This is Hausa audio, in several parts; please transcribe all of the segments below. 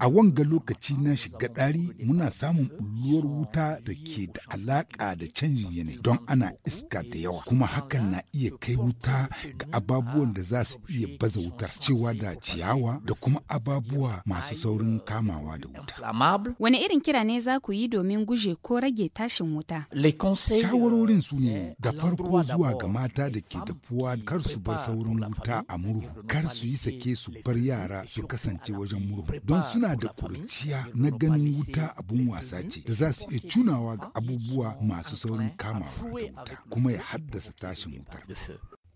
A wanga lokaci na shiga ɗari muna samun bulluwar wuta da ke da alaƙa da canjin yanayi don ana iska da yawa kuma hakan na iya kai wuta ga ababuwan da za su iya baza wutar cewa da ciyawa da kuma ababuwa masu saurin kamawa da wuta. Wani irin kira ne za ku yi domin guje ko rage tashin wuta? Shawarorin su ne euh, da farko zuwa ga mata da ke dafuwa kar su bar saurin wuta a murhu kar su yi sake su bar yara su kasance wajen murhu don suna da kurciya na ganin wuta abun wasa ce da za su iya cunawa ga abubuwa masu saurin kamawa da wuta kuma ya haddasa tashin wutar.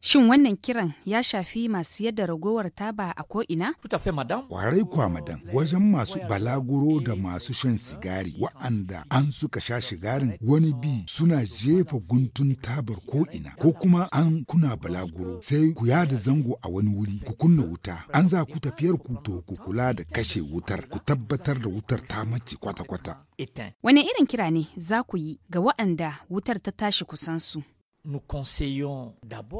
Shin wannan kiran ya shafi masu yadda ragowar taba a ko'ina? Kwarai kwa madam wajen masu balaguro da masu shan sigari wa'anda an suka sha shigarin wani bi suna jefa guntun tabar ko'ina ko kuma an kuna balaguro sai ku yada zango a wani wuri ku kunna wuta an za ku tafiyar ku to ku kula da kashe wutar ku tabbatar da wutar ta mace kwata-kwata. wani irin kira ne za ku yi ga wa'anda wutar ta tashi kusan su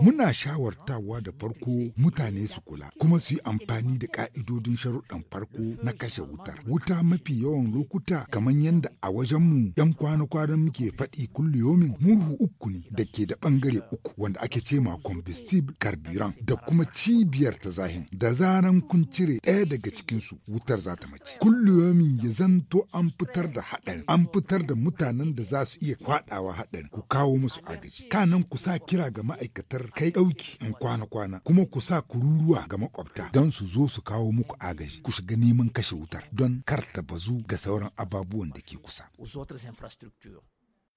Muna shawartawa da farko mutane su kula kuma su yi amfani da ka'idodin sharuɗan farko na kashe wutar. Wuta mafi yawan lokuta kamar yadda a wajenmu 'yan kwana-kwanan muke faɗi kulliyomin murhu uku ne da ke da ɓangare uku wanda ake ce ma combustible carburant da kuma cibiyar ta zahin. Da zaran kun cire ɗaya daga cikinsu wutar za ta mace. Kulliyomin ya zanto an fitar da haɗarin, an fitar da mutanen da za su iya kwaɗawa haɗarin ku kawo musu agaji. Kana sannan ku sa kira ga ma'aikatar kai ɗauki in kwana-kwana kuma ku sa kururuwa ga makwabta don su zo su kawo muku agaji ku shiga neman kashe wutar don kar ta bazu ga sauran ababuwan da ke kusa.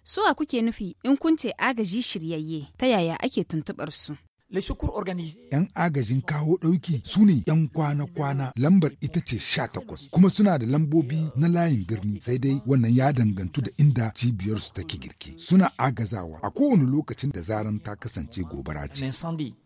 Suwa kuke nufi in kun ce agaji shiryayye ta yaya ake tuntuɓar su? 'Yan agajin kawo ɗauki su ne 'yan kwana-kwana lambar ita ce sha takwas kuma suna da lambobi na layin birni sai dai wannan ya dangantu da inda cibiyarsu take girki suna agazawa a kowane lokacin da zaran ta kasance gobara ce.